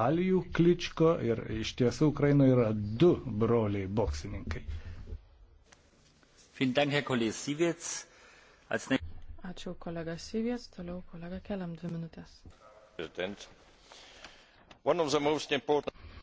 Alijų Kličko ir iš tiesų Ukrainoje yra du broliai boksininkai. Ačiū kolega Syviets, toliau kolega Keliam dvi minutės. President.